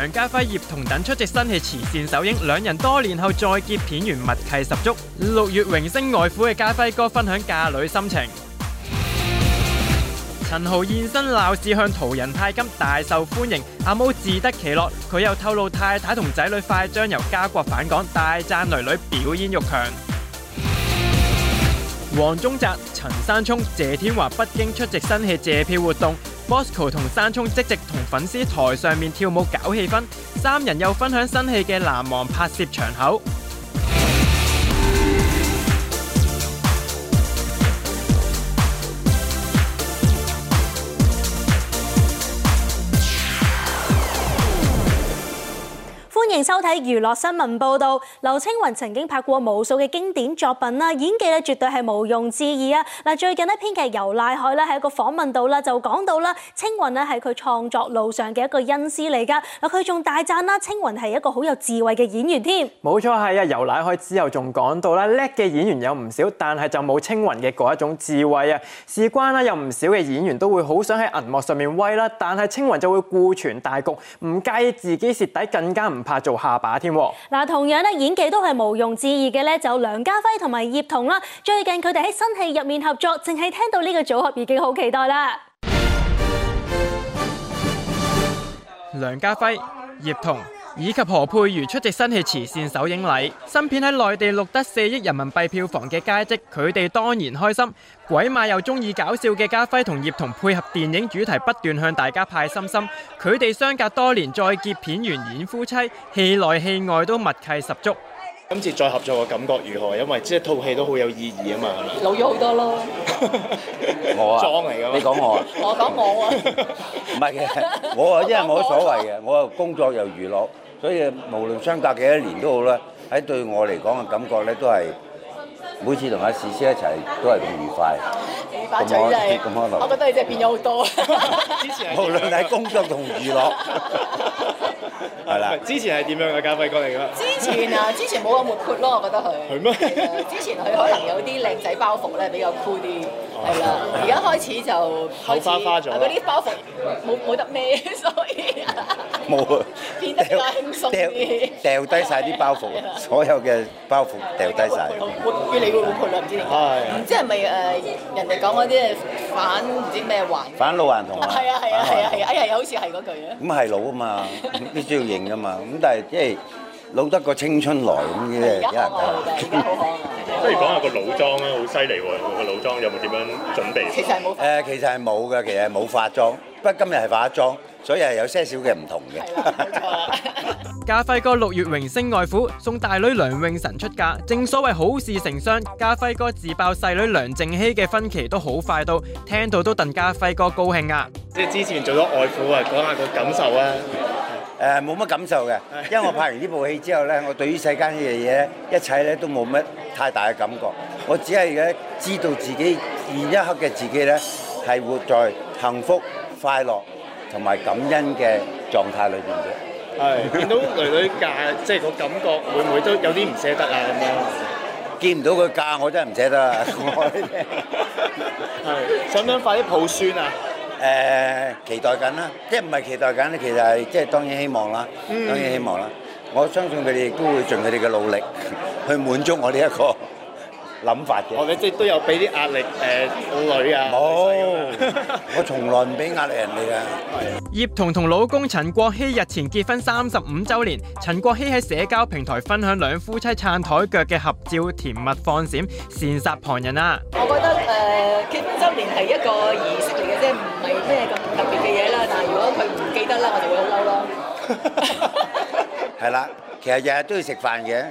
梁家輝、葉童等出席新戲慈善首映，兩人多年後再結片緣，默契十足。六月榮升外父嘅家輝哥分享嫁女心情。陳 豪現身鬧市向途人派金，大受歡迎。阿毛自得其樂，佢又透露太太同仔女快將由加國返港，大讚囡囡表演欲強。黃宗澤、陳 山聰、謝天華北京出席新戲謝票活動。Bosco 同山聰即即同粉絲台上面跳舞搞氣氛，三人又分享新戲嘅難忘拍攝場口。收睇娛樂新聞報道，劉青雲曾經拍過無數嘅經典作品啦，演技咧絕對係毋庸置疑啊！嗱，最近咧編劇游乃海咧喺一個訪問度啦，就講到啦，青雲咧係佢創作路上嘅一個恩師嚟噶。嗱，佢仲大讚啦，青雲係一個好有智慧嘅演員添。冇錯，係啊！游乃海之後仲講到啦，叻嘅演員有唔少，但係就冇青雲嘅嗰一種智慧啊！事關啦，有唔少嘅演員都會好想喺銀幕上面威啦，但係青雲就會顧全大局，唔介意自己蝕底，更加唔怕做做下巴添。嗱，同樣咧演技都係毋庸置疑嘅咧，就梁家輝同埋葉童啦。最近佢哋喺新戲入面合作，淨係聽到呢個組合已經好期待啦。梁家輝、葉童。以及何佩如出席新戲慈善首映禮，新片喺內地錄得四億人民幣票房嘅佳績，佢哋當然開心。鬼馬又中意搞笑嘅家輝同葉童配合電影主題，不斷向大家派心心。佢哋相隔多年再結片緣演夫妻，戲內戲外都默契十足。今次再合作嘅感覺如何？因為即係套戲都好有意義啊嘛，係咪老咗好多咯。我啊，裝嚟噶嘛？你講我啊？我講我啊？唔係嘅，我啊，因為冇所謂嘅，我啊工作又娛樂，所以無論相隔幾多年都好啦。喺對我嚟講嘅感覺咧，都係。每次同阿詩詩一齊都係咁愉快，咁我，咁可能我覺得你真係變咗好多 之前係。無論係工作同娛樂，係 啦，之前係點樣嘅？嘉輝哥嚟噶。之前啊，之前冇咁活潑咯， 我覺得佢。係咩？之前佢可能有啲靚仔包袱咧，比較酷啲，係 啦。而家開始就開始，嗰啲、啊、包袱冇冇得孭，所以冇。變 得輕鬆啲，掉低曬啲包袱，所有嘅包袱掉低曬。 會唔會破例唔知點解？唔知係咪誒人哋講嗰啲反唔知咩還？反老還童。係啊係啊係啊係啊！哎呀，又好似係嗰句啊。咁係老啊嘛，必須要認啊嘛。咁但係即係老得個青春來咁啫，一人搞。不如講下個老裝啦，好犀利喎！個老裝有冇點樣準備？其實係冇。誒，其實係冇嘅，其實係冇化妝，不過今日係化妝。所以係有些少嘅唔同嘅。家輝哥六月榮升外父，送大女梁詠晨出嫁。正所謂好事成雙，家輝哥自爆細女梁靜希嘅婚期都好快到，聽到都替家輝哥高興啊！即係之前做咗外父啊，講下個感受啊！誒，冇乜感受嘅，因為我拍完呢部戲之後咧，我對於世間嘅嘢，一切咧都冇乜太大嘅感覺。我只係咧知道自己現一刻嘅自己咧係活在幸福快樂。同埋感恩嘅狀態裏邊啫，係見到囡囡嫁，即係個感覺會唔會都有啲唔捨得啊？咁樣見唔到佢嫁，我真係唔捨得啊！愛咧，係想唔想快啲抱孫啊？誒，期待緊啦！即係唔係期待緊咧？其實係即係當然希望啦，當然希望啦！我相信佢哋亦都會盡佢哋嘅努力去滿足我呢一個諗法嘅，我哋即係都有俾啲壓力誒、呃，女啊，冇，我從來唔俾壓力人哋啊。 葉童同老公陳國希日前結婚三十五週年，陳國希喺社交平台分享兩夫妻撐台腳嘅合照，甜蜜放閃，羨煞旁人啊！我覺得誒，結婚週年係一個儀式嚟嘅啫，唔係咩咁特別嘅嘢啦。但係如果佢唔記得啦，我就會好嬲咯。係啦，其實日日都要食飯嘅，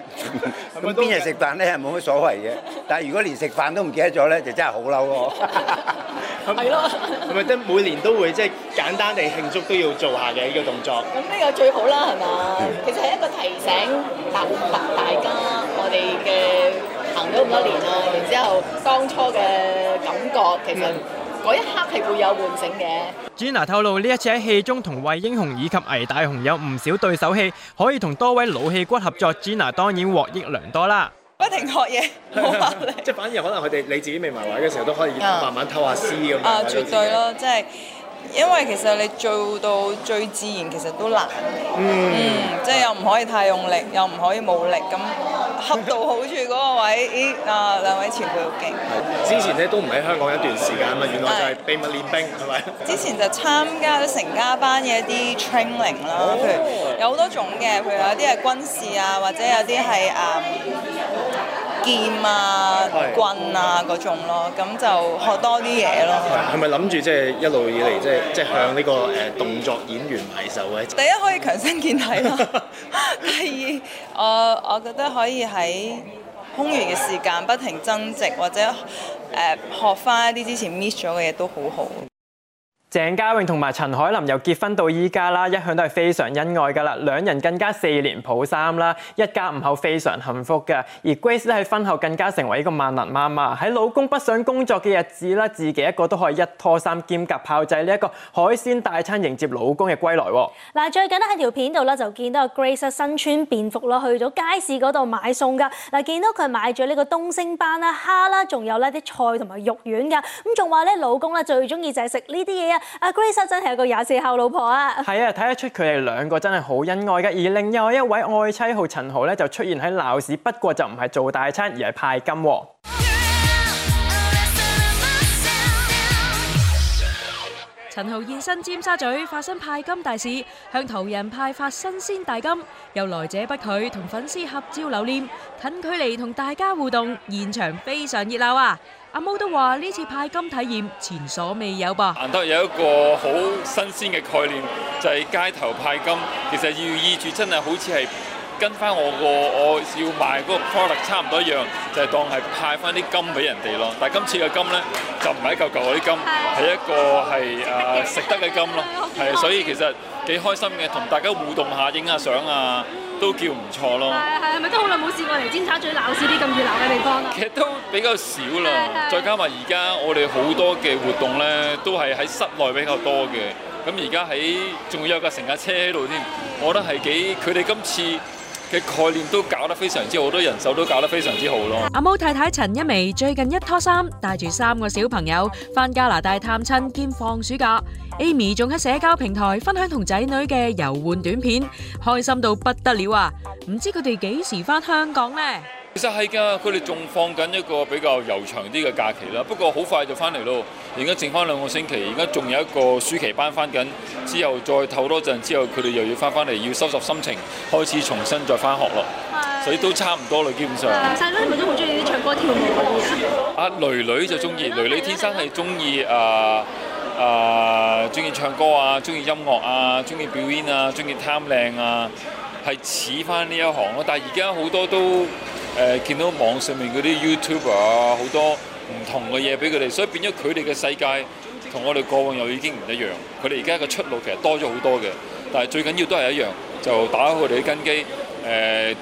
咁邊日食飯咧係冇乜所謂嘅。但係如果連食飯都唔記得咗咧，就真係好嬲喎。係咯，咁咪即係每年都會即係簡單地慶祝都要做下嘅呢個動作。咁呢個最好啦，係嘛？其實係一個提醒，答答大家，我哋嘅行咗咁多年啊，然之後當初嘅感覺其實。嗰一刻係會有喚醒嘅。Gina 透露呢一次喺戲中同魏英雄以及倪大雄有唔少對手戲，可以同多位老戲骨合作。Gina 當然獲益良多啦。不停學嘢，冇壓力。即 係反而可能佢哋你自己未埋位嘅時候，都可以慢慢偷下絲咁啊，絕對咯，即係。因為其實你做到最自然，其實都難。嗯，即、嗯、係、就係、又唔可以太用力，又唔可以冇力，咁 恰到好處嗰個位。啊、哎，兩、呃、位前輩好勁。之前咧都唔喺香港一段時間嘛，原來就係秘密練兵，係咪？之前就參加咗成家班嘅一啲 training 啦、哦，譬如有好多種嘅，譬如有啲係軍事啊，或者有啲係啊。嗯劍啊、棍啊嗰種咯，咁就學多啲嘢咯。係咪諗住即係一路以嚟即係即係向呢個誒、呃、動作演員埋手、啊、第一可以強身健體咯， 第二我我覺得可以喺空餘嘅時間不停增值，或者誒、呃、學翻一啲之前 miss 咗嘅嘢都好好。鄭嘉穎同埋陳凱琳由結婚到依家啦，一向都係非常恩愛噶啦。兩人更加四年抱三啦，一家五口非常幸福噶。而 Grace 喺婚後更加成為一個萬能媽媽，喺老公不想工作嘅日子啦，自己一個都可以一拖三兼夾炮製呢一個海鮮大餐迎接老公嘅歸來。嗱，最近咧喺條片度咧就見到 Grace 身穿便服咯，去咗街市嗰度買餸噶。嗱，見到佢買咗呢個東星斑，啦、蝦啦，仲有呢啲菜同埋肉丸噶。咁仲話咧，老公咧最中意就係食呢啲嘢啊！阿 Grace 真係一個廿四孝老婆啊！係啊，睇得出佢哋兩個真係好恩愛嘅。而另外一位愛妻號陳豪呢，就出現喺鬧市，不過就唔係做大餐，而係派金喎。陳豪現身尖沙咀，發生派金大事，向途人派發新鮮大金，又來者不拒，同粉絲合照留念，近距離同大家互動，現場非常熱鬧啊！阿毛都話：呢次派金體驗前所未有吧？難得有一個好新鮮嘅概念，就係、是、街頭派金。其實寓意住真係好似係跟翻我個我要賣嗰個 product 差唔多一樣，就係、是、當係派翻啲金俾人哋咯。但係今次嘅金咧就唔係一嚿嚿嗰啲金，係一個係誒食得嘅金咯。係所以其實幾開心嘅，同大家互動一下，影下相啊！都叫唔錯咯，係啊係啊，咪都好耐冇試過嚟尖沙咀鬧市啲咁熱鬧嘅地方咯。其實都比較少啦，再加埋而家我哋好多嘅活動咧，都係喺室內比較多嘅。咁而家喺仲有架成架車喺度添。我覺得係幾佢哋今次嘅概念都搞得非常之好，多人手都搞得非常之好咯。阿毛太太陳一薇最近一拖三，帶住三個小朋友翻加拿大探親兼放暑假。Amy 仲喺社交平台分享同仔女嘅遊玩短片，開心到不得了啊！唔知佢哋幾時翻香港呢？其實係噶，佢哋仲放緊一個比較悠長啲嘅假期啦。不過好快就翻嚟咯，而家剩翻兩個星期，而家仲有一個暑期班翻緊，之後再唞多陣，之後佢哋又要翻翻嚟，要收拾心情，開始重新再翻學咯。所以都差唔多啦，基本上。細佬係咪都好中意啲唱歌跳舞？阿囡囡就中意，囡囡天生係中意誒。呃啊！中意唱歌啊，中意音樂啊，中意表演啊，中意貪靚啊，係似翻呢一行咯。但係而家好多都誒、呃、見到網上面嗰啲 YouTuber 啊，好多唔同嘅嘢俾佢哋，所以變咗佢哋嘅世界同我哋過往又已經唔一樣。佢哋而家嘅出路其實多咗好多嘅，但係最緊要都係一樣，就打開佢哋嘅根基誒。呃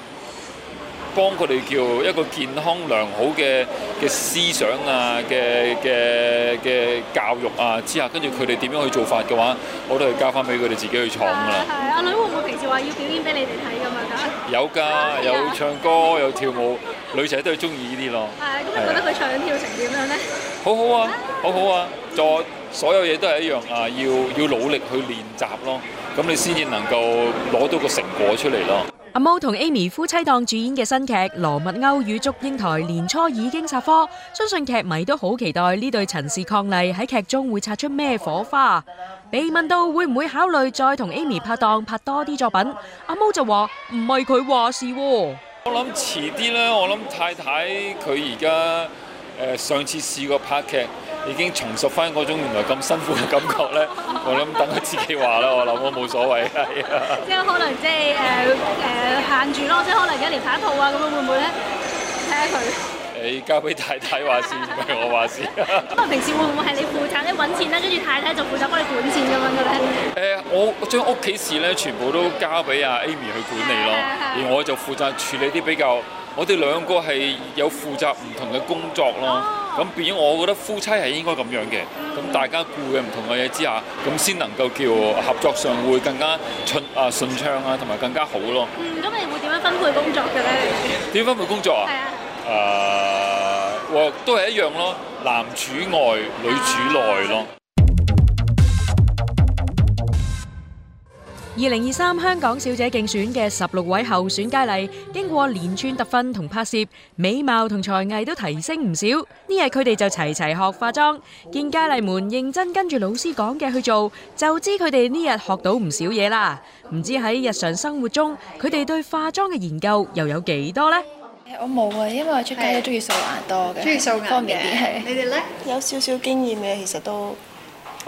幫佢哋叫一個健康良好嘅嘅思想啊，嘅嘅嘅教育啊之下，跟住佢哋點樣去做法嘅話，我都係交翻俾佢哋自己去闖噶啦。係啊，阿女會唔會平時話要表演俾你哋睇噶嘛？有㗎，有唱歌，有跳舞， 女仔都係中意呢啲咯。係啊，咁你覺得佢唱跳成點樣咧？好好啊，好好啊，在。所有嘢都係一樣啊！要要努力去練習咯，咁你先至能夠攞到個成果出嚟咯。阿毛同 Amy 夫妻檔主演嘅新劇《羅密歐與祝英台》年初已經殺科，相信劇迷都好期待呢對陳氏伉儷喺劇中會擦出咩火花。被問到會唔會考慮再同 Amy 拍檔拍多啲作品，阿毛就話：唔係佢話事喎，哦。我諗遲啲呢，我諗太太佢而家誒上次試過拍劇。已經重拾翻嗰種原來咁辛苦嘅感覺咧， 我諗等佢自己話啦，我諗我冇所謂，即係可能即係誒誒限住咯，即係可能一年跑一套啊，咁樣會唔會咧睇下佢？你交俾太太話先，唔係我話先。咁啊，平時會唔會係你負責咧揾錢啦，跟住太太就負責幫你管錢咁樣嘅咧？我將屋企事咧全部都交俾阿 Amy 去管理咯， 而我就負責處理啲比較， 我哋兩個係有負責唔同嘅工作咯。 哦。咁變咗，我覺得夫妻係應該咁樣嘅。咁、嗯嗯、大家顧嘅唔同嘅嘢之下，咁先能夠叫合作上會更加順啊順暢啊，同埋更加好咯。嗯，咁你會點樣分配工作嘅咧？點分配工作啊？誒、啊，uh, 都係一樣咯，男主外女主內咯。二零二三香港小姐競選嘅十六位候選佳麗，經過連串特訓同拍攝，美貌同才藝都提升唔少。呢日佢哋就齊齊學化妝，見佳麗們認真跟住老師講嘅去做，就知佢哋呢日學到唔少嘢啦。唔知喺日常生活中，佢哋對化妝嘅研究又有幾多呢？我冇啊，因為我出街都中意素顏多嘅，中意素顏嘅係，方便啲。你哋呢？有少少經驗嘅，其實都。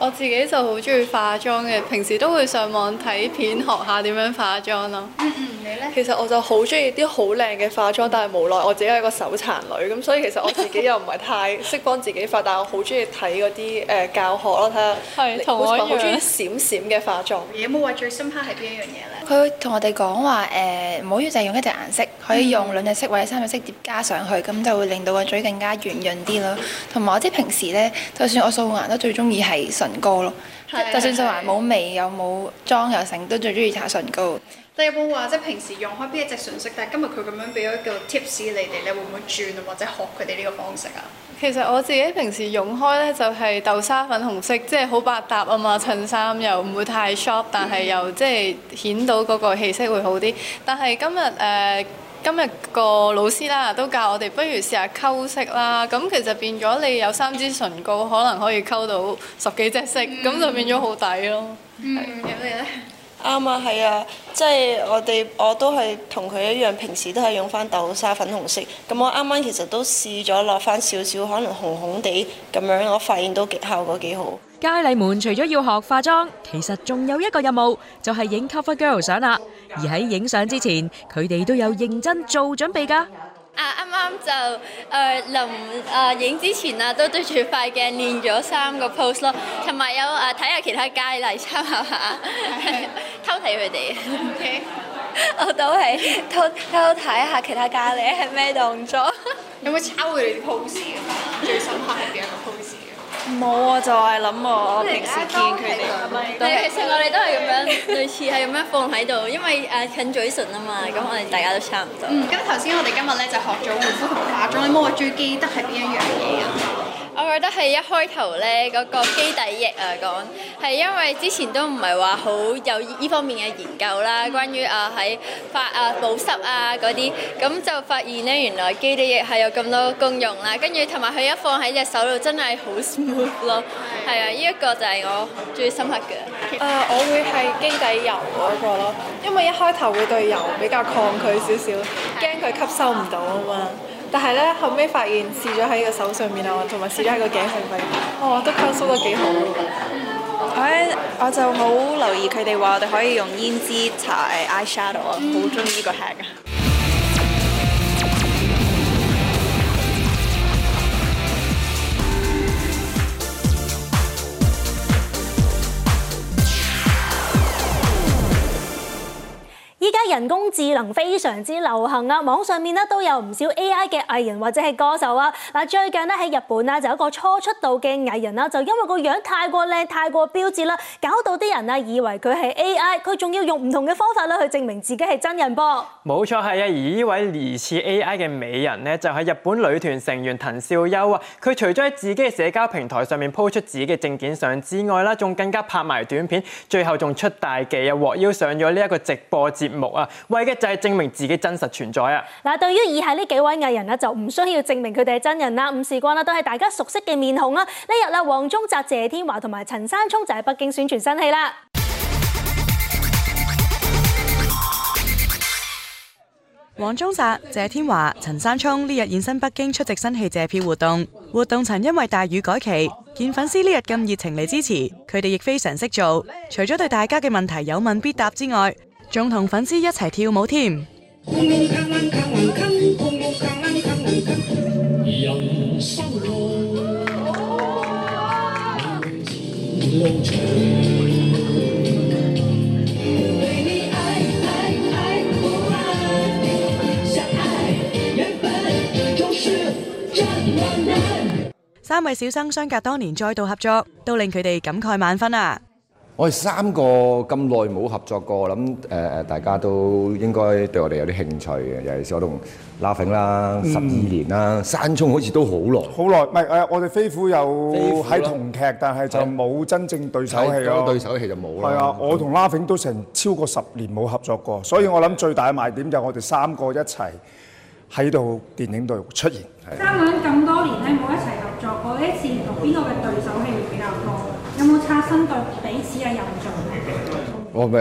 我自己就好中意化妝嘅，平時都會上網睇片學下點樣化妝咯。嗯嗯，你呢？其實我就好中意啲好靚嘅化妝，但係無奈我自己係個手殘女，咁所以其實我自己又唔係太識幫自己化， 但係我好中意睇嗰啲誒教學咯，睇下。係。同我好中意閃閃嘅化妝。有冇話最深刻係邊一樣嘢呢？佢同我哋講話誒，唔、呃、好要就係用一隻顏色。可以用兩隻色或者三隻色疊加上去，咁就會令到個嘴更加圓潤啲咯。同埋我知平時呢，就算我素顏都最中意係唇膏咯。係。就算素顏冇眉，有冇妝又成，都最中意搽唇膏。你有冇話即係平時用開邊一隻唇色？但係今日佢咁樣俾咗個 tips 你哋，你會唔會轉或者學佢哋呢個方式啊？其實我自己平時用開呢，就係豆沙粉紅色，即係好百搭啊嘛。襯衫又唔會太 shop，、嗯、但係又即係顯到嗰個氣色會好啲。但係今日誒。呃今日個老師啦都教我哋，不如試下溝色啦。咁其實變咗你有三支唇膏，可能可以溝到十幾隻色，咁、嗯、就變咗好抵咯。啱、嗯、啊，係啊，即、嗯、係、嗯、我哋我都係同佢一樣，平時都係用翻豆沙粉紅色。咁我啱啱其實都試咗落翻少少，可能紅紅地，咁樣，我發現都幾效果幾好。佳麗們除咗要學化妝，其實仲有一個任務，就係影 cover girl 相啦。而喺影相之前，佢哋都有認真做準備噶。啊，啱啱就誒臨誒影之前啊，都對住塊鏡練咗三個 pose 咯，同埋有誒睇下，其他佳麗參考下，偷睇佢哋。OK。我都係偷偷睇下其他佳麗係咩動作。有冇抄佢哋啲 pose 啊？最深刻係邊個 pose？冇啊，就係諗我平時見佢哋。誒，其實我哋都係咁樣對，類似係咁樣放喺度，因為誒近嘴唇啊嘛。咁我哋大家都差唔多。嗯，咁頭先我哋今日咧就學咗護膚同化妝，你冇、哦、我最記得係邊一樣嘢啊？我覺得係一開頭呢個肌底液啊講，係因為之前都唔係話好有依方面嘅研究啦，關於啊喺發啊補濕啊嗰啲，咁就發現呢原來肌底液係有咁多功用啦。跟住同埋佢一放喺隻手度真係好 smooth 咯，係啊，呢一個就係我最深刻嘅。誒、uh，我會係肌底油嗰個咯，因為一開頭會對油比較抗拒少少，驚佢吸收唔到啊嘛。但係咧，後尾發現試咗喺個手上面啊，同埋試咗喺個頸上面，哦，都收縮得幾好。誒、嗯，我就冇留意佢哋話我哋可以用胭脂搽眼 shadow 啊，好中意呢個黑啊！依家人工智能非常之流行啊，網上面咧都有唔少 AI 嘅藝人或者係歌手啊。嗱，最近咧喺日本啊，就有一個初出道嘅藝人啦，就因為個樣太過靚、太過標緻啦，搞到啲人啊以為佢係 AI，佢仲要用唔同嘅方法咧去證明自己係真人噃。冇錯係啊，而呢位疑似 AI 嘅美人咧，就係日本女團成員藤少優啊。佢除咗喺自己嘅社交平台上面 po 出自己嘅證件相之外啦，仲更加拍埋短片，最後仲出大技啊，獲邀上咗呢一個直播節目啊，為嘅就係證明自己真實存在啊！嗱，對於以下呢幾位藝人咧，就唔需要證明佢哋係真人啦。唔使講啦，都係大家熟悉嘅面孔啦。呢日啦，黃宗澤、謝天華同埋陳山聰就喺北京宣傳新戲啦。黃宗澤、謝天華、陳山聰呢日現身北京出席新戲謝票活動，活動曾因為大雨改期，見粉絲呢日咁熱情嚟支持，佢哋亦非常識做，除咗對大家嘅問題有問必答之外。仲同粉絲一齊跳舞添。三位小生相隔多年再度合作，都令佢哋感慨萬分啊！我哋三個咁耐冇合作過，我諗誒誒，大家都應該對我哋有啲興趣嘅，尤其是我同 Laughing 啦，十二年啦，山聰好似都好耐。好耐，唔係誒，我哋飛虎又喺同劇，但係就冇真正對手戲咯。對手戲就冇啦。係啊，我同 Laughing 都成超過十年冇合作過，所以我諗最大嘅賣點就係我哋三個一齊喺度電影度出現。三五咁多年咧冇一齊合作過，一次同邊個嘅對？刷新到彼此嘅、哦，就是呃、印象。我咪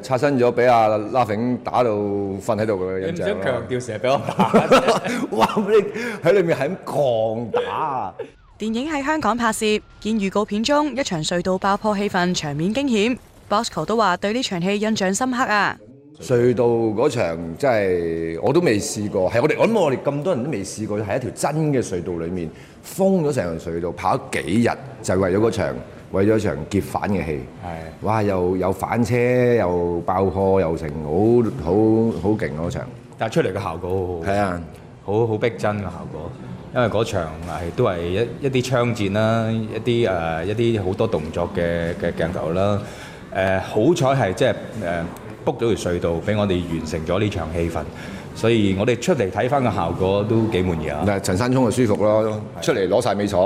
誒刷新咗，俾阿拉 ving 打到瞓喺度嘅印象咯。吊蛇俾我打， 哇！你喺裏面喺咁狂打啊！ 電影喺香港拍攝，見預告片中一場隧道爆破戲份，場面驚險。Bosco 都話對呢場戲印象深刻啊！隧道嗰場真係我都未試過，係我哋我諗我哋咁多人都未試過，喺一條真嘅隧道裡面封咗成條隧道，拍幾日就係、是、為咗嗰場。為咗一場劫反嘅戲，係哇，又有反車又爆破又成，好好好勁嗰場。但係出嚟嘅效果好好，係啊，好好逼真嘅效果。因為嗰場都係一一啲槍戰啦，一啲誒、呃、一啲好多動作嘅嘅鏡頭啦。誒、呃、好彩係即係誒 book 到條隧道，俾我哋完成咗呢場戲份。所以我哋出嚟睇翻個效果都幾滿意啊！嗱，陳山聰就舒服咯，出嚟攞晒美彩，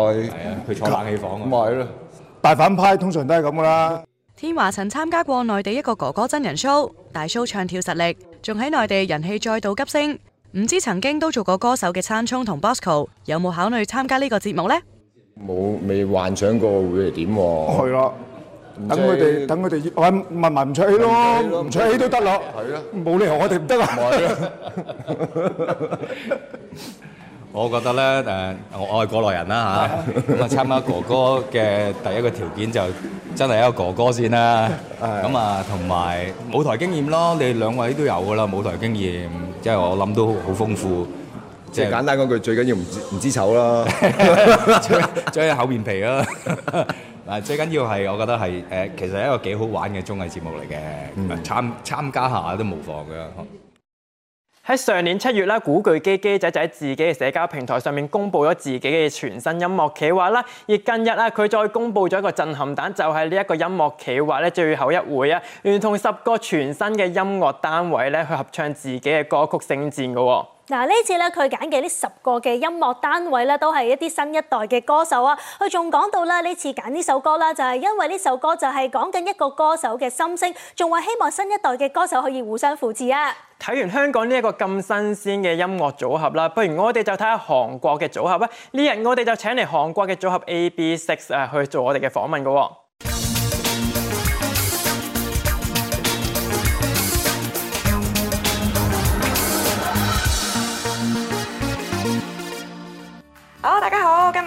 去、啊、坐冷氣房咁咪係咯～大反派通常都係咁噶啦。天華曾參加過內地一個哥哥真人 show，大 show 唱跳實力，仲喺內地人氣再度急升。唔知曾經都做過歌手嘅山聰同 Bosco 有冇考慮參加呢個節目呢？冇，未幻想過會係點。係啦，等佢哋，等佢哋，我問埋唔出戲咯，唔出戲都得咯。係啊，冇理由我哋唔得啊。我覺得咧，誒、呃，我係過來人啦、啊、吓，咁啊、嗯、參加哥哥嘅第一個條件就真係一個哥哥先啦、啊，咁啊同埋、嗯、舞台經驗咯，你哋兩位都有噶啦，舞台經驗即係、就是、我諗都好豐富。即、就、係、是、簡單嗰句，最緊要唔唔知，知醜啦， 最最厚面皮啦、啊。嗱， 最緊要係我覺得係誒、呃，其實係一個幾好玩嘅綜藝節目嚟嘅，參、嗯、參加下都無妨嘅。喺上年七月咧，古巨基基仔就喺自己嘅社交平台上面公布咗自己嘅全新音樂企劃啦。而近日咧，佢再公布咗一個震撼彈，就係呢一個音樂企劃呢最後一回，啊，聯同十個全新嘅音樂單位咧去合唱自己嘅歌曲《聖戰》噶。嗱，呢次咧佢揀嘅呢十個嘅音樂單位咧，都係一啲新一代嘅歌手啊！佢仲講到咧，呢次揀呢首歌咧，就係因為呢首歌就係講緊一個歌手嘅心聲，仲話希望新一代嘅歌手可以互相扶持啊！睇完香港呢一個咁新鮮嘅音樂組合啦，不如我哋就睇下韓國嘅組合啊！呢日我哋就請嚟韓國嘅組合 AB6IX 誒去做我哋嘅訪問嘅。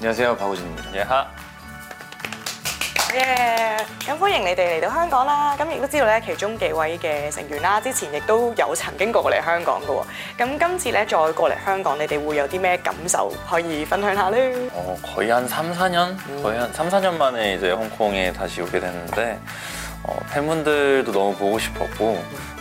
有先我跑過轉換場，耶哈，耶！咁歡迎你哋嚟到香港啦。咁亦都知道咧，其中幾位嘅成員啦，之前亦都有曾經過嚟香港㗎喎。咁今次咧再過嚟香港，你哋會有啲咩感受可以分享下咧？我去年三四年，去年三四年嘅，即係香港嘅，再次嚟到，但係粉絲們都好想見到。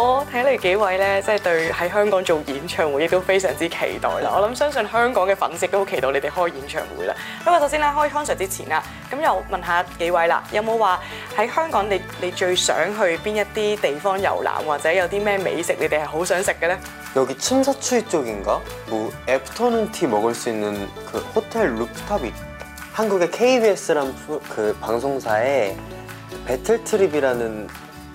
我睇嚟幾位咧，即係對喺香港做演唱會亦都非常之期待啦！我諗相信香港嘅粉絲都好期待你哋開演唱會啦。咁啊，首先啦，開 concert 之前啦，咁又問下幾位啦，有冇話喺香港你你最想去邊一啲地方遊覽，或者有啲咩美食你哋係好想食嘅咧？여기침사추이쪽인가?뭐애프터눈티먹을수있는그호텔루프탑이한국의 KBS 랑그방송사의배틀트립이라는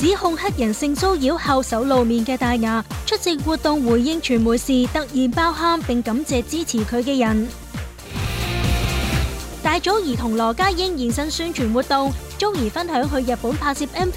指控黑人性騷擾後首露面嘅大牙出席活動回應傳媒時突然爆喊，並感謝支持佢嘅人。大祖兒同羅家英現身宣傳活動，祖兒分享去日本拍攝 M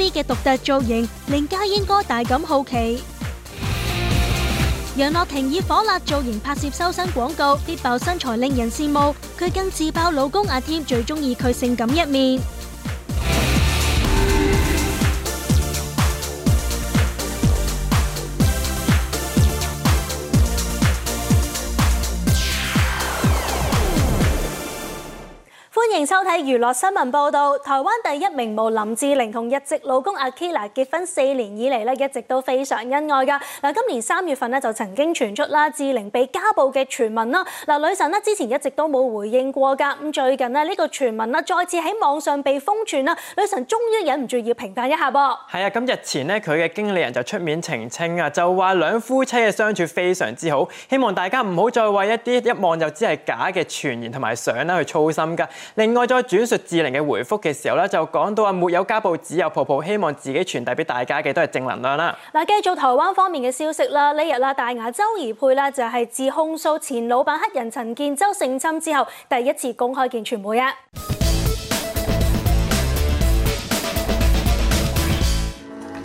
歡迎收睇娛樂新聞報道。台灣第一名模林志玲同日籍老公 AKIRA 結婚四年以嚟咧，一直都非常恩愛噶。嗱，今年三月份呢，就曾經傳出啦志玲被家暴嘅傳聞啦。嗱，女神呢之前一直都冇回應過噶。咁最近呢，呢個傳聞啦再次喺網上被瘋傳啦，女神終於忍唔住要評彈一下噃。係啊，咁日前呢，佢嘅經理人就出面澄清啊，就話兩夫妻嘅相處非常之好，希望大家唔好再為一啲一望就只係假嘅傳言同埋相啦去操心噶。另外，再轉述智玲嘅回覆嘅時候咧，就講到啊，沒有家暴，只有抱抱，希望自己傳遞俾大家嘅都係正能量啦。嗱，繼續台灣方面嘅消息啦，呢日啦，大牙周怡佩啦就係自控訴前老闆黑人陳建州性侵之後，第一次公開見傳媒啊。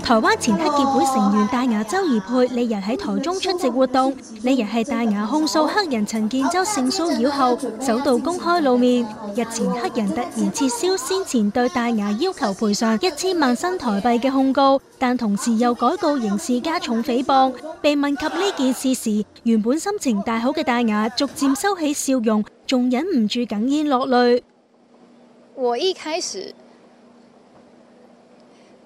台灣前黑澀會成員大牙周宜霈李人喺台中出席活動，李人係大牙控訴黑人陳建州性騷擾後，首度公開露面。日前黑人突然撤銷先前對大牙要求賠償一千萬新台幣嘅控告，但同時又改告刑事加重誹謗。被問及呢件事時，原本心情大好嘅大牙逐漸收起笑容，仲忍唔住哽咽落淚。我一開始。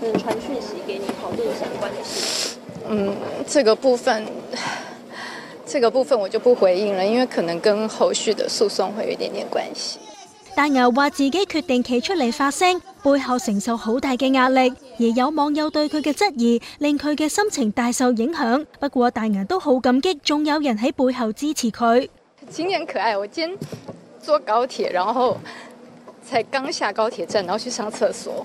傳訊息給你討論相關的事。嗯，這個部分，這個部分我就不回應了，因為可能跟後續的訴訟會有一點點關係。大牛話自己決定企出嚟發聲，背後承受好大嘅壓力，而有網友對佢嘅質疑，令佢嘅心情大受影響。不過大牛都好感激，仲有人喺背後支持佢。青年可愛，我今天坐高鐵，然後才剛下高鐵站，然後去上廁所。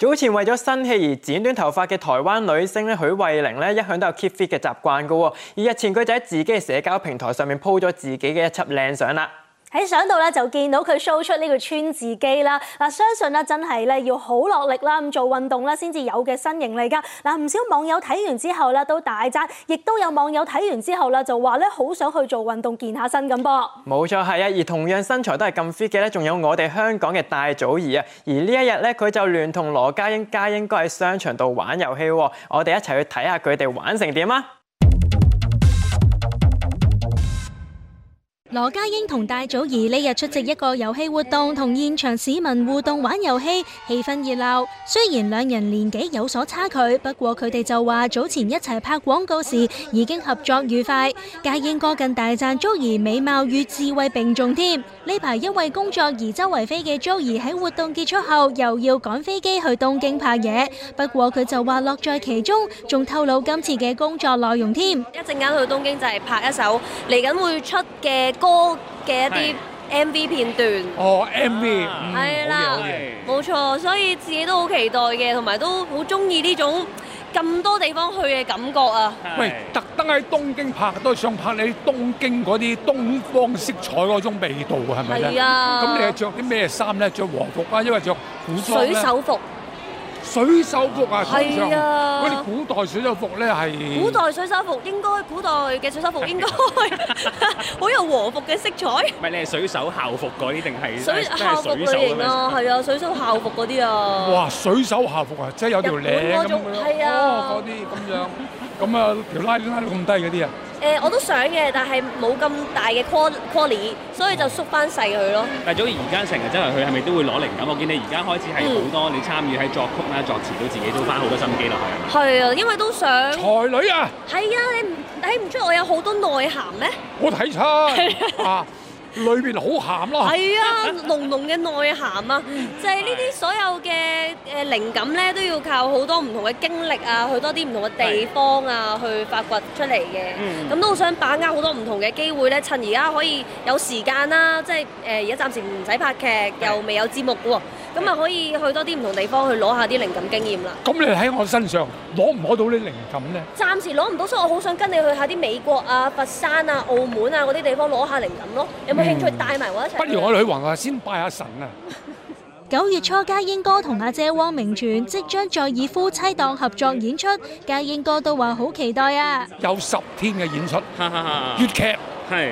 早前為咗新戲而剪短頭髮嘅台灣女星咧許瑋甯一向都有 keep fit 嘅習慣㗎喎，而日前佢就喺自己嘅社交平台上面 po 咗自己嘅一輯靚相啦。喺相度咧就見到佢 show 出呢個川字肌啦，嗱相信咧真係咧要好落力啦咁做運動啦先至有嘅身形嚟噶，嗱唔少網友睇完之後咧都大讚，亦都有網友睇完之後咧就話咧好想去做運動健下身咁噃。冇錯係啊，而同樣身材都係咁 fit 嘅咧，仲有我哋香港嘅大祖兒啊，而呢一日咧佢就聯同羅家英家英哥喺商場度玩遊戲喎，我哋一齊去睇下佢哋玩成點啊！羅家英同大祖兒呢日出席一個遊戲活動，同現場市民互動玩遊戲，氣氛熱鬧。雖然兩人年紀有所差距，不過佢哋就話早前一齊拍廣告時已經合作愉快。家英哥更大讚祖兒美貌與智慧並重添。呢排因為工作而周圍飛嘅祖兒喺活動結束後又要趕飛機去東京拍嘢，不過佢就話樂在其中，仲透露今次嘅工作內容添。一陣間去東京就係拍一首嚟緊會出嘅。歌嘅一啲 MV 片段哦，MV 係啦，冇錯，所以自己都好期待嘅，同埋都好中意呢種咁多地方去嘅感覺啊！喂，特登喺東京拍都係想拍你東京嗰啲東方色彩嗰種味道，係咪咧？係啊。咁你係著啲咩衫咧？著和服啊，因為著古裝咧。水手服。水手服啊，嗰啲古代水手服咧？係古代水手服。應該古代嘅水手服應該好有和服嘅色彩。唔係你係水手校服嗰啲定係？水校服類型啊，係啊，水手校服嗰啲啊。哇！水手校服啊，即係有條領咁樣，嗰啲咁樣，咁啊條拉鍊拉到咁低嗰啲啊！誒、呃，我都想嘅，但係冇咁大嘅 quality，所以就縮翻細佢咯。但係，好似而家成日周圍去，係咪都會攞靈感？我見你而家開始係好多、嗯，你參與喺作曲啦、作詞都自己都翻好多心機落去，係啊。係啊，因為都想。才女啊！係啊，你睇唔出我有好多內涵咩？我睇出啊～ 裏面好鹹咯，係啊，濃濃嘅內涵啊， 就係呢啲所有嘅誒、呃、靈感咧，都要靠好多唔同嘅經歷啊，去多啲唔同嘅地方啊，去發掘出嚟嘅。咁、嗯、都好想把握好多唔同嘅機會咧，趁而家可以有時間啦、啊，即係誒而家暫時唔使拍劇，又未有節目喎、啊。咁啊，可以去多啲唔同地方去攞下啲靈感經驗啦。咁你喺我身上攞唔攞到啲靈感呢？暫時攞唔到，所以我好想跟你去下啲美國啊、佛山啊、澳門啊嗰啲地方攞下靈感咯。有冇興趣帶埋我一齊、嗯？不如我去雲啊，先拜下神啊。九 月初，家英哥同阿姐汪明荃即將再以夫妻檔合作演出，家英哥都話好期待啊。有十天嘅演出，粵 劇。係，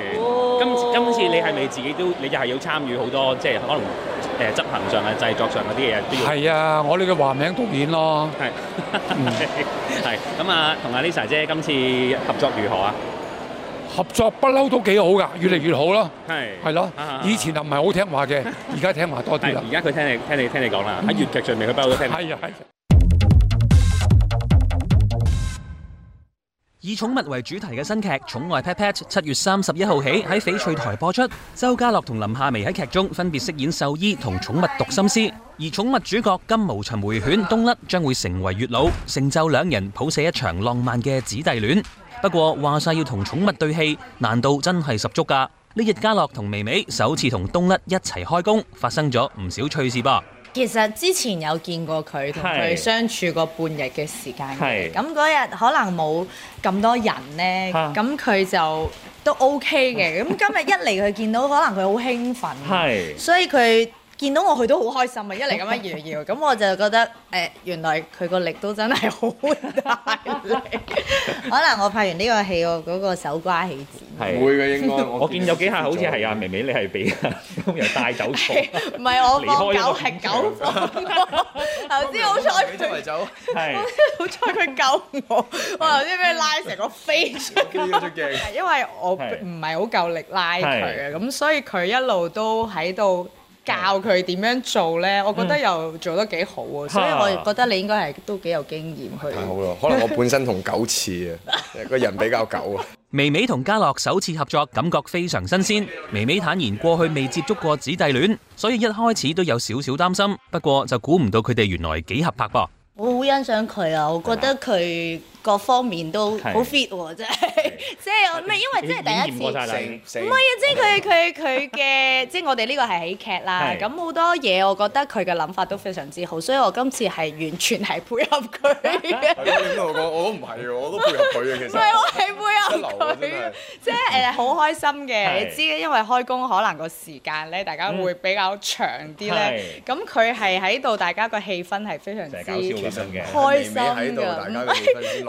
今次今次你係咪自己都，你就係要參與好多，即係可能誒執行上啊、製作上嗰啲嘢都要。係啊，我哋嘅話名導演咯。係，係、嗯。咁啊，同阿 Lisa 姐今次合作如何啊？合作不嬲都幾好㗎，越嚟越好咯。係，係咯、啊。以前啊唔係好聽話嘅，而、啊、家聽話多啲啦。而家佢聽你聽你聽你講啦。喺、嗯、粵劇上面，佢不嬲都聽。係啊，係、啊。以寵物為主題嘅新劇《寵愛 Pet Pet》七月三十一號起喺翡翠台播出。周家樂同林夏薇喺劇中分別飾演獸醫同寵物讀心師，而寵物主角金毛尋回犬東甩將會成為月老，成就兩人譜寫一場浪漫嘅子弟戀。不過話晒要同寵物對戲，難度真係十足噶。呢日家樂同薇薇首次同東甩一齊開工，發生咗唔少趣事噃。其實之前有見過佢，同佢相處過半日嘅時間。咁嗰日可能冇咁多人咧，咁、啊、佢就都 OK 嘅。咁今日一嚟，佢見到 可能佢好興奮，所以佢。見到我去都好開心啊！一嚟咁樣搖搖，咁我就覺得誒，原來佢個力都真係好大。可能我拍完呢個戲，我嗰個手瓜起 𦟌。係唔會嘅應該，我見有幾下好似係啊！微微你係俾啊，又帶走佢。唔係我個狗係狗火。頭先好彩佢仲，好彩佢救我。我頭先俾佢拉成個飛出。因為我唔係好夠力拉佢啊，咁所以佢一路都喺度。教佢點樣做呢？我覺得又做得幾好喎，嗯，所以我覺得你應該都幾有經驗去。太好啦！ 可能我本身同狗似啊，個 人比較狗啊。微微同家樂首次合作，感覺非常新鮮。微微坦言過去未接觸過子弟戀，所以一開始都有少少擔心，不過就估唔到佢哋原來幾合拍噃。我好欣賞佢啊！我覺得佢。各方面都好 fit 喎，真係即係咩？因為即係第一次，唔係啊！即係佢佢佢嘅，即係 即係我哋呢個係喜劇啦。咁好多嘢，我覺得佢嘅諗法都非常之好，所以我今次係完全係配合佢 我都唔係我都配合佢嘅。其實唔 係，我係配合佢即係誒好開心嘅。 你知因為開工可能個時間咧，大家會比較長啲咧。咁佢係喺度，大家個氣氛係非常之嘅開心嘅。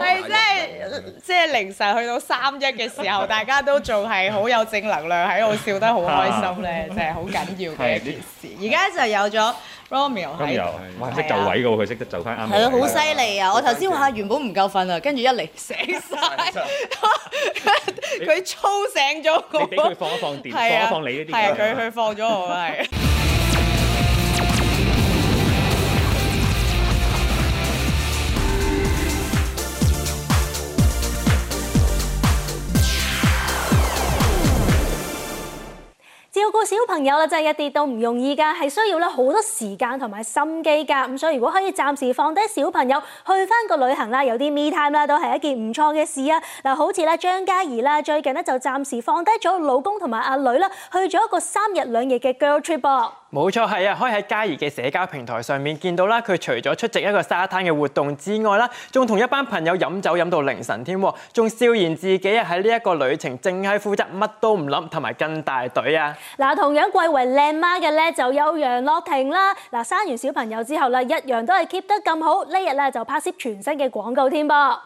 係。 係真係，即係凌晨去到三一嘅時候， 大家都仲係好有正能量喺度， 笑得好開心咧， 真係好緊要嘅一件事。而家就有咗 Romeo，加油！哇，識就位嘅喎，佢識得走翻啱。係啊，好犀利啊！我頭先話原本唔夠瞓啊，跟住一嚟醒晒。佢 操哈哈 你 醒咗佢 放一放電， 放一放你呢啲。係啊，佢佢放咗我係。照顧小朋友啦，真係一啲都唔容易噶係需要咧好多時間同埋心機噶咁所以如果可以暫時放低小朋友去翻個旅行啦，有啲 me time 啦，都係一件唔錯嘅事啊。嗱，好似咧張嘉怡啦，最近咧就暫時放低咗老公同埋阿女啦，去咗一個三日兩夜嘅 girl trip 喎。冇錯係啊，可以喺嘉怡嘅社交平台上面見到啦，佢除咗出席一個沙灘嘅活動之外啦，仲同一班朋友飲酒飲到凌晨添，仲笑言自己啊喺呢一個旅程淨係負責乜都唔諗，同埋跟大隊啊。嗱，同樣貴為靚媽嘅咧，就有楊樂婷啦。嗱，生完小朋友之後咧，一樣都係 keep 得咁好。呢日咧就拍攝全新嘅廣告添噃。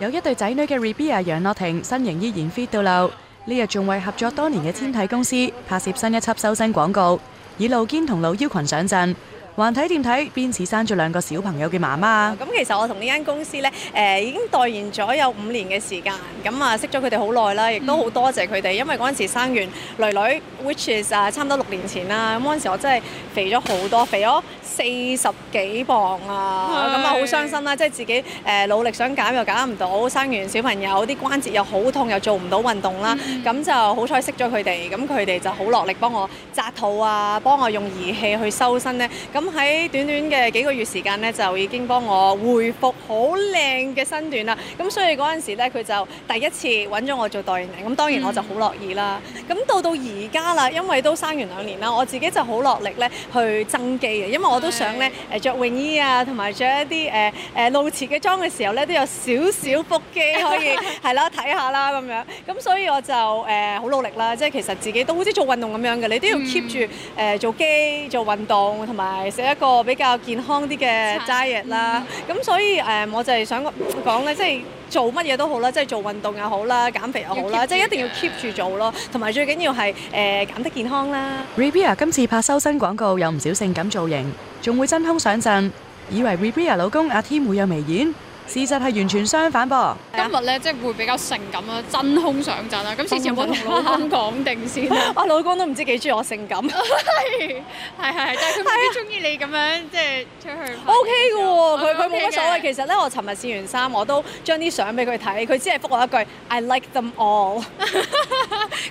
有一對仔女嘅 RIBIA 楊樂婷，身形依然 fit 到流。呢日仲為合作多年嘅纖體公司拍攝新一輯修身廣告，以露肩同露腰裙上陣。還睇點睇？邊似生咗兩個小朋友嘅媽媽？咁其實我同呢間公司咧，誒已經代言咗有五年嘅時間，咁啊識咗佢哋好耐啦，亦都好多謝佢哋。因為嗰陣時生完囡囡，which is 啊，差唔多六年前啦。咁嗰陣時我真係肥咗好多，肥咗四十幾磅啊！咁啊好傷心啦，即係自己誒努力想減又減唔到，生完小朋友啲關節又好痛，又做唔到運動啦。咁就好彩識咗佢哋，咁佢哋就好落力幫我紮肚啊，幫我用儀器去收身咧。咁喺短短嘅幾個月時間咧，就已經幫我恢復好靚嘅身段啦。咁所以嗰陣時咧，佢就第一次揾咗我做代言人。咁當然我就好樂意啦。咁、嗯、到到而家啦，因為都生完兩年啦，我自己就好落力咧去增肌嘅，因為我都想咧誒著泳衣啊，同埋着一啲誒誒露臍嘅裝嘅時候咧，都有少少腹肌可以係 啦睇下啦咁樣。咁所以我就誒好、呃、努力啦，即係其實自己都好似做運動咁樣嘅，你都要 keep 住誒做肌做運動同埋。食一個比較健康啲嘅 diet 啦，咁、嗯、所以誒我就係想講咧，即、就、係、是、做乜嘢都好啦，即、就、係、是、做運動又好啦，減肥又好啦，即係、就是、一定要 keep 住做咯，同埋最緊要係誒、呃、減得健康啦。Rebecca 今次拍修身廣告有唔少性感造型，仲會真空上陣，以為 Rebecca 老公阿添會有眉眼。事實係完全相反噃！今日咧即係會比較性感啦，真空上陣啊。咁事前我同老公講定先、啊，我、 啊、老公都唔知幾中意我性感。係係係，但係佢未必中意你咁樣即係、啊、出去。O K 噶喎，佢佢冇乜所謂。Okay, okay 其實咧，我尋日試完衫，我都將啲相俾佢睇，佢只係覆我一句：I like them all。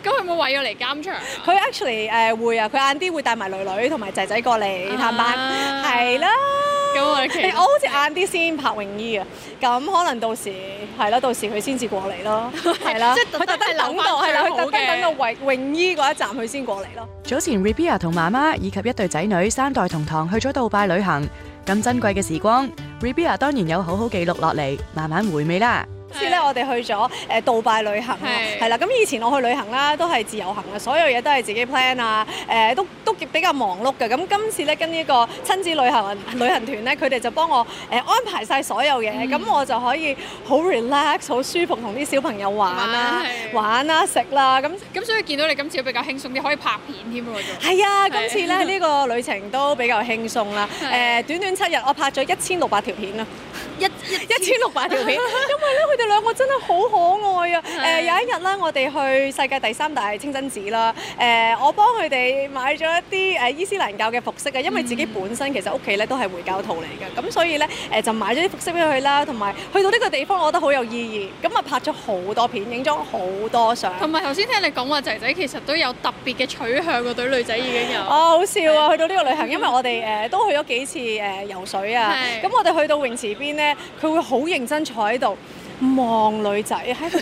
咁佢冇話要嚟監場？佢 actually 唉、呃、會，他會女女啊，佢晏啲會帶埋女女同埋仔仔過嚟探班，係啦。咁、okay，我我好似晏啲先拍泳衣啊。咁可能到時係啦，到時佢先至過嚟咯，係啦，即係佢特登係等到，係啦，佢特登等個泳泳衣嗰一站佢先過嚟咯。早前，Ribea 同媽媽以及一對仔女三代同堂去咗杜拜旅行，咁珍貴嘅時光，Ribea 當然有好好記錄落嚟，慢慢回味啦。先咧，次我哋去咗誒、呃、杜拜旅行啊，係啦。咁以前我去旅行啦，都係自由行啊，所有嘢都係自己 plan 啊。誒、呃，都都比較忙碌嘅。咁今次咧，跟呢個親子旅行旅行團咧，佢哋就幫我誒、呃、安排晒所有嘢，咁、嗯、我就可以好 relax、好舒服，同啲小朋友玩啦、啊、玩啦、食啦。咁咁、啊啊、所以見到你今次比較輕鬆啲，可以拍片添、啊、喎。係啊是，今次咧呢 呢個旅程都比較輕鬆啦。誒，短短七日，我拍咗一千六百條片啊。一一千六百條片，因為咧佢哋兩個真係好可愛啊！誒有一日咧，我哋去世界第三大清真寺啦。誒我幫佢哋買咗一啲誒伊斯蘭教嘅服飾啊，因為自己本身其實屋企咧都係回教徒嚟㗎，咁所以咧誒就買咗啲服飾俾佢啦，同埋去到呢個地方，我覺得好有意義，咁啊拍咗好多片，影咗好多相。同埋頭先聽你講話仔仔其實都有特別嘅取向㗎，對女仔已經有。哦，好笑啊！去到呢個旅行，因為我哋誒都去咗幾次誒游水啊，咁我哋去到泳池邊咧。佢會好認真坐喺度望女仔喺度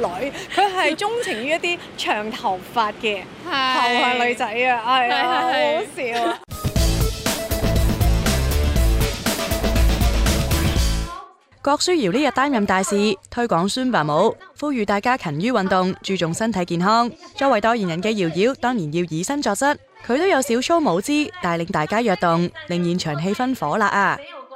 揼女，佢係鍾情於一啲長頭髮嘅頭髮女仔啊！係 啊、哎，好笑。郭書瑤呢日擔任大使，推廣孫爸舞，呼籲大家勤於運動，注重身體健康。作為代言人嘅瑤瑤當然要以身作則，佢都有小粗舞姿帶領大家躍動，令現場氣氛火辣啊！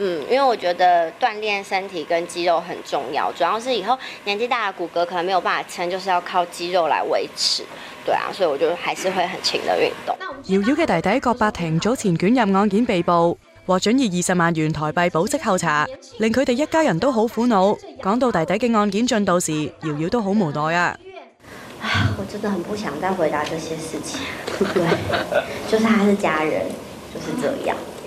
嗯，因為我覺得鍛煉身體跟肌肉很重要，主要是以後年紀大的骨骼可能沒有辦法撐，就是要靠肌肉來維持。對啊，所以我就還是會很勤的運動。瑤瑤嘅弟弟郭柏霆早前捲入案件被捕，獲准以二十萬元台幣保釋候查，令佢哋一家人都好苦惱。講到弟弟嘅案件進度時，瑤瑤都好無奈啊。啊，我真的很不想再回答這些事情。對，就是他是家人，就是這樣。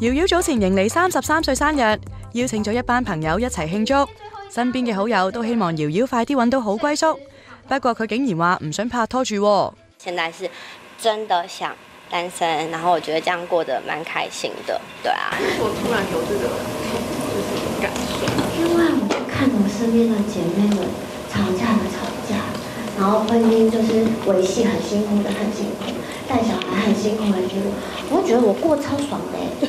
瑤瑤早前迎嚟三十三歲生日，邀請咗一班朋友一齊慶祝。身邊嘅好友都希望瑤瑤快啲揾到好歸宿，不過佢竟然話唔想拍拖住。現在是真的想單身，然後我覺得這樣過得蠻開心的。對啊，我突然有這個感受，因為我看我身邊的姐妹們吵架了吵架，然後婚姻就是維繫很辛苦的，很辛苦帶小孩很辛苦的，很辛苦。我覺得我過得超爽的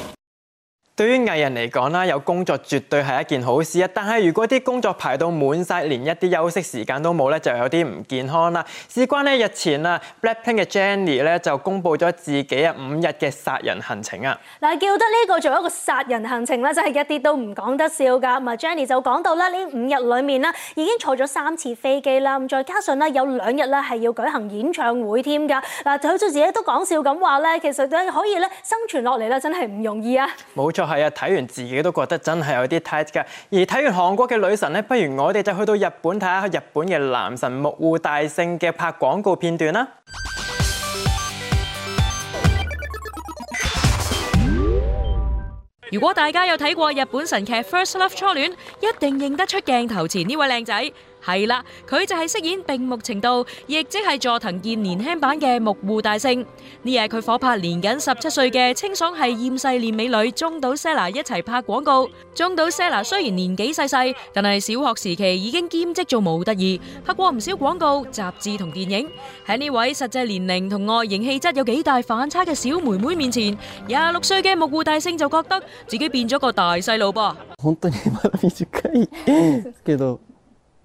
對於藝人嚟講啦，有工作絕對係一件好事啊！但係如果啲工作排到滿晒，連一啲休息時間都冇咧，就有啲唔健康啦。事關咧，日前啊，BLACKPINK 嘅 Jennie 咧就公布咗自己啊五日嘅殺人行程啊！嗱，叫得呢個做一個殺人行程咧，就係、是、一啲都唔講得笑㗎。Jennie 就講到啦，呢五日裏面啦，已經坐咗三次飛機啦，咁再加上咧有兩日咧係要舉行演唱會添㗎。嗱，好似自己都講笑咁話咧，其實可以咧生存落嚟真係唔容易啊！冇錯係啊，睇完自己都覺得真係有啲 taste 噶。而睇完韓國嘅女神呢，不如我哋就去到日本睇下日本嘅男神木戶大聖嘅拍廣告片段啦。如果大家有睇過日本神劇《First Love》初戀，一定認得出鏡頭前呢位靚仔。係啦，佢就係飾演並木程度，亦即係佐藤健年輕版嘅木戶大聖。呢日佢火拍年僅十七歲嘅清爽系厭世練美女中島 Sena 一齊拍廣告。中島 Sena 雖然年紀細細，但係小學時期已經兼職做模特兒，拍過唔少廣告、雜誌同電影。喺呢位實際年齡同外形氣質有幾大反差嘅小妹妹面前，廿六歲嘅木戶大聖就覺得自己變咗個大細路噃。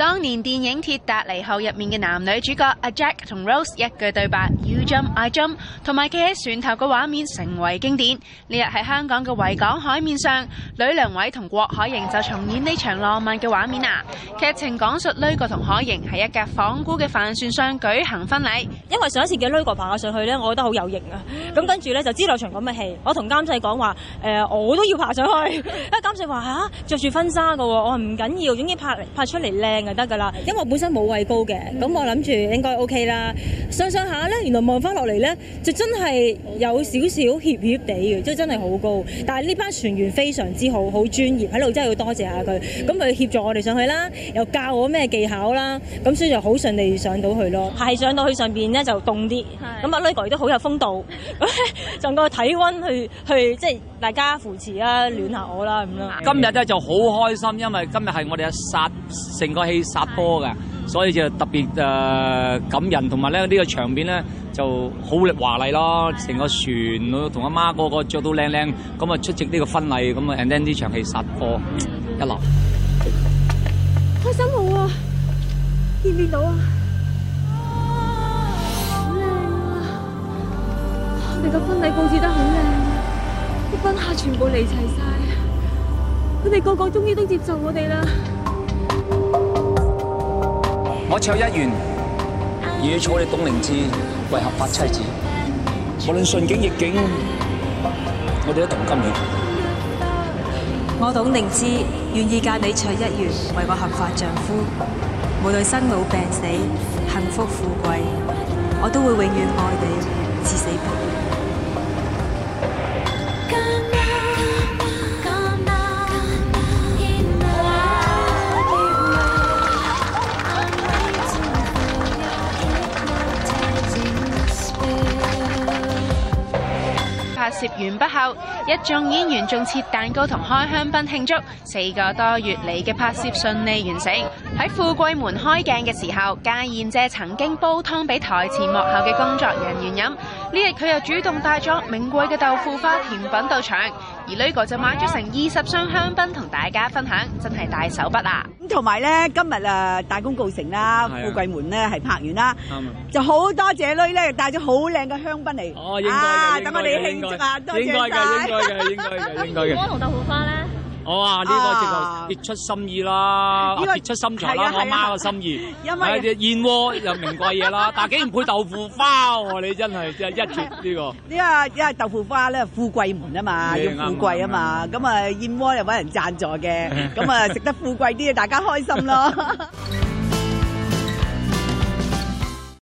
當年電影《鐵達尼號》入面嘅男女主角阿 Jack 同 Rose 一句對白 “You jump, I jump”，同埋企喺船頭嘅畫面成為經典。呢日喺香港嘅維港海面上，呂良偉同郭海瑩就重演呢場浪漫嘅畫面啊！劇情講述呂哥同海瑩喺一架仿古嘅帆船上舉行婚禮。因為上一次嘅呂哥爬上去咧，我覺得好有型啊！咁跟住咧就知落場咁嘅戲，我同監製講話：誒、呃，我都要爬上去。因監製話吓，着、啊、住婚紗噶，我話唔緊要，總之拍拍出嚟靚。得㗎啦，因為我本身冇畏高嘅，咁我諗住應該 OK 啦。上上下咧，原來望翻落嚟咧，就真係有少少怯怯地嘅，即係真係好高。但係呢班船員非常之好好專業，喺度真係要多謝下佢。咁佢協助我哋上去啦，又教我咩技巧啦，咁所以就好順利上到去咯。係上到去上邊咧就凍啲，咁阿女都好有風度，上個體温去去即係大家扶持啦，暖下我啦咁樣。今日咧就好開心，因為今日係我哋嘅殺成個氣。殺波嘅，所以就特別誒感人，同埋咧呢個場面咧就好華麗咯，成個船同阿媽個個着到靚靚，咁啊出席呢個婚禮，咁啊 ending 呢場戲殺波一流，開心好啊，見唔見到啊，好靚啊，你個婚禮佈置得好靚啊，啲賓客全部嚟齊晒，佢哋個個終於都接受我哋啦。我卓一元，願意娶你董靈芝為合法妻子。無論順境逆境，我哋都同甘共苦。我董靈芝願意嫁你卓一元為我合法丈夫，無論生老病死、幸福富貴，我都會永遠愛你至死不渝。攝完畢後，一眾演員仲切蛋糕同開香檳慶祝。四個多月嚟嘅拍攝順利完成。喺富貴門開鏡嘅時候，家燕姐曾經煲湯俾台前幕後嘅工作人員飲。呢日佢又主動帶咗名貴嘅豆腐花甜品到場。而呢個就買咗成二十箱香檳同大家分享，真係大手筆啊！咁同埋咧，今日啊大功告成啦，富貴門咧係拍完啦，就好多謝女咧帶咗好靚嘅香檳嚟，啊，等我哋慶祝啊，多謝晒，咁同得好翻。我話呢個直頭別出心意啦，別、啊這個、出心裁啦，我阿媽嘅心意。誒、啊啊啊啊，因為燕窩又名貴嘢啦， 但係竟然配豆腐花喎！ 你真係真係一絕呢、啊這個。因為因為豆腐花咧，富貴門啊嘛，要富貴啊嘛，咁啊、嗯嗯嗯、燕窩又揾人贊助嘅，咁啊食得富貴啲，大家開心咯。